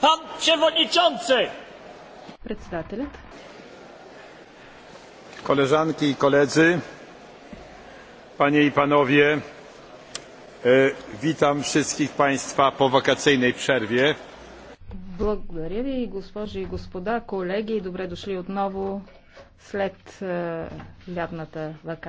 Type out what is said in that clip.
Pan przewodniczący! Председателят. Koleżanki i koledzy, panie i panowie, witam wszystkich państwa po wakacyjnej przerwie. Благодаря ви, госпожи и господа, колеги, добре дошли отново след лятната вака.